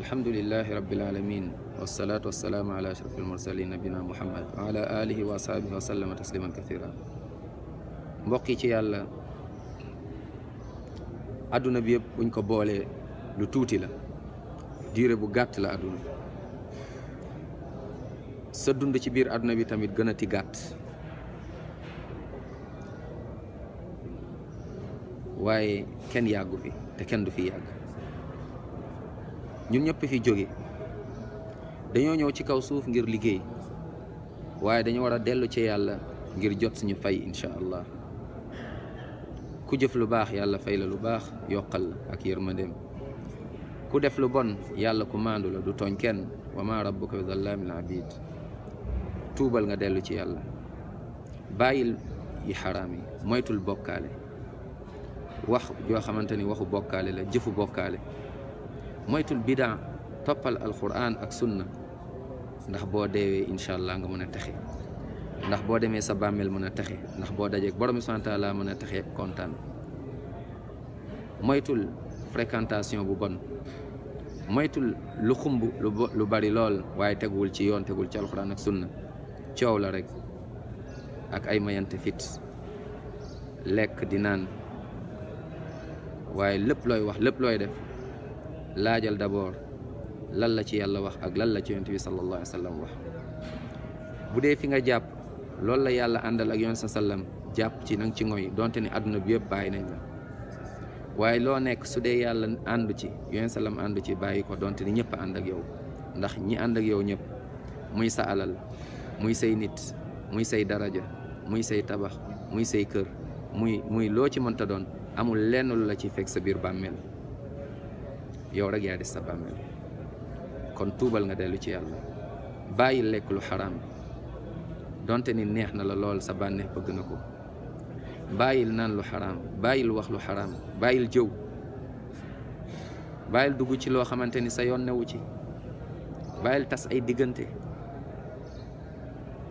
الحمد لله رب العالمين والصلاة والسلام على أشرف المرسلين نبينا محمد وعلى آله وصحبه وسلم تسليما كثيرا مبقي تي يالا ادونا بييب بو نكو بوله لو توتي لا ديره بو غات لا ادونا سا دوند بير ادنا بي تاميت غنا غات واي كان ياغو في تكن دو في ياغو ñu ñëpp fi jóge dañoo ñëw ci kaw suuf ngir liggéey waaye dañu war a dellu ci yàlla ngir jot suñu fay incha allah ku jëf lu baax yàlla fay la lu baax yokkal la ak yërmandeem ku def lu bon yàlla ku maandu la du tooñ kenn wa ma rabbuka bi zallaamin abid tuubal nga dellu ci yàlla bàyyil yi xaraam yi moytul bokkaale wax joo xamante ni waxu bokkaale la jëfu bokkaale moytul bidaa toppal alquran ak sunna ndax boo deewee incha allah nga mën a texe ndax boo demee sa bàmmeel mën a texe ndax boo dajeeg borom santa laa mën a texe kontaan moytul fréquentation bu bon moytul lu xumb lu bari lool waaye teguwul ci yoon tegul ci alxuraan ak sunna coow la rek ak ay mayante fit lekk di naan waaye lépp looy wax lépp looy def Lajal d'abord lan la ci yalla wax ak lan la ci yonent sallallahu alayhi Wasallam. wax budé fi nga japp lol la yalla andal ak yunus sallam japp ci nang ci ngoy donté ni aduna bi yeb bàyyi nañ la waaye lo nek su ci yunus sallam andu ci bàyyi ko ni ñepp and ak yow ndax ñi and ak yow ñepp muy sa alal muy say nit muy say daraja muy say tabax muy say kër muy muy lo ci ta doon amul lenn lu la ci fek sa bir bammel yow rek yaa des sa bàmmeel kon tuubal nga dellu ci yàlla bàyyi lekk lu xaraam donte ni neex na la lool sa bànneex bëgg na ko bàyyil naan lu xaraam bàyyil wax lu xaraam bàyyil jëw bàyyil dugg ci loo xamante ni sa yoon newu ci bàyyil tas ay diggante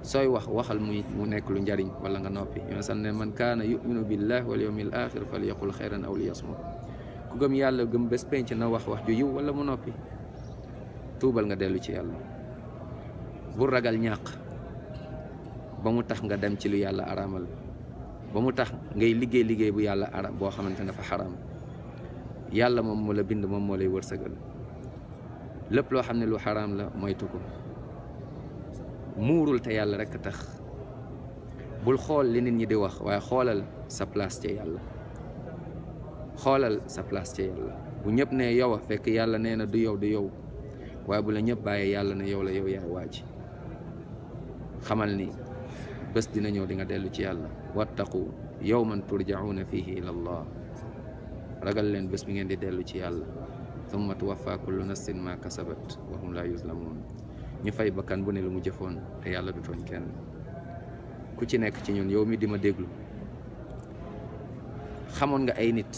sooy wax waxal muy mu nekk lu njariñ wala nga noppi yoon san ne man kaana yuminu billah wal yawmil axir fal yaqul xayran aw liyasmut ku gëm yàlla gëm bés penc na wax wax ju yiw wala mu noppi tuubal nga dellu ci yàlla bu ragal ñàq ba mu tax nga dem ci lu yàlla araamal ba mu tax ngay liggéey liggéey bu yàlla ara boo xamante ne fa xaraam yàlla moom moo la bind moom moo lay wërsëgal lépp loo xam ne lu xaraam la moytu ko muurul te yàlla rekk tax bul xool li nit ñi di wax waaye xoolal sa place ci yàlla xoolal sa place ca yàlla bu ñëpp ne yow a fekk yàlla nee na du yow du yow waaye bu la ñëpp bàyyee yàlla na yow la yow yaay waa ji xamal ni bés dina ñëw di nga dellu ci yàlla yow man turjauna fihi ila allah ragal leen bés bi ngeen di dellu ci yàlla thumma tuwaffa kullu nafsin ma kasabat wa hum la yuzlamun ñu fay bakkan bu ne lu mu jëfoon te yàlla du tooñ kenn ku ci nekk ci ñun yow mi di ma déglu xamoon nga ay nit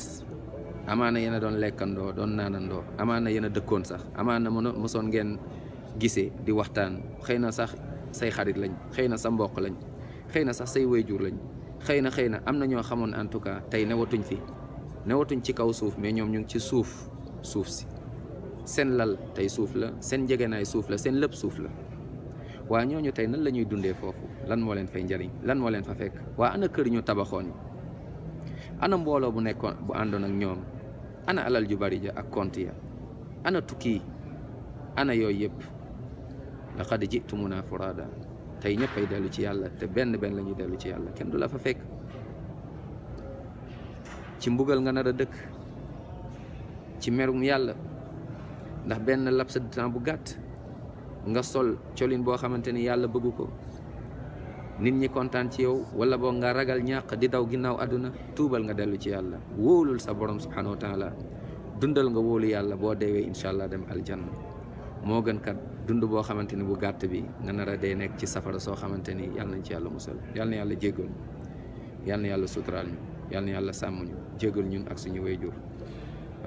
amaana yéen a doon lekkandoo doon naanandoo amaana yéen a dëkkoon sax amaana mën mosoon ngeen gisee di waxtaan xëy na sax say xarit lañ xëy na sa mbokk lañ xëy na sax say wayjur lañ xëy na xëy na am na ñoo xamoon en tout cas tey newatuñ fi newatuñ ci kaw suuf mais ñoom ñu ngi ci suuf suuf si seen lal tey suuf la seen njëgënaay suuf la seen lépp suuf la waa ñooñu tey nan la ñuy dundee foofu lan moo leen fay njariñ lan moo leen fa fekk waa ana kër ñu tabaxoon ana mbolo bu nekkon bu andon ak ñom ana alal ju bari ja ak konti ya ana tukki ana yoy yep laqad jitumuna furada tay ñëpp ay dellu ci yalla te benn benn lañu delu ci yalla kenn dula fa fek ci mbugal nga na a dekk ci merum yalla ndax benn laps de temps bu gatt nga sol colin bo xamanteni yalla bëgguko nit ñi kontaan ci yow wala boog nga ragal ñàq di daw ginnaaw àdduna tuubal nga dellu ci yàlla wóolul sa borom subhanahu wa taala dundal nga wóolu yàlla boo deewee incha allah dem aljanna moo gën kat dund boo xamante ni bu gàtt bi nga nar a dee nekk ci safara soo xamante ni yàlla nañ ci yàlla musal yàlla na yàlla jéggal ñu yàlla na yàlla suturaal ñu yàlla na yàlla sàmm ñu jéggal ñun ak suñu wayjur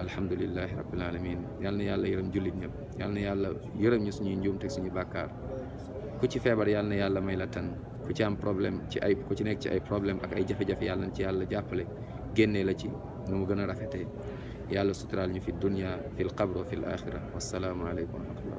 alhamdulilahi rabbil alamin yàlla na yàlla yërëm jullit ñëpp yàlla yàlla yërëm ñu suñuy njuum teg suñu bàkkaar ku ci feebar yàlla na yàlla may la tan ku ci am problème ci ay ku ci nekk ci ay problème ak ay jafe-jafe yàlla na ci yàlla jàppale génnee la ci nu mu gën a rafetee yàlla suturaal ñu fi dunya fil qabr wa fil axira wassalaamu aleykum wa rahmatullah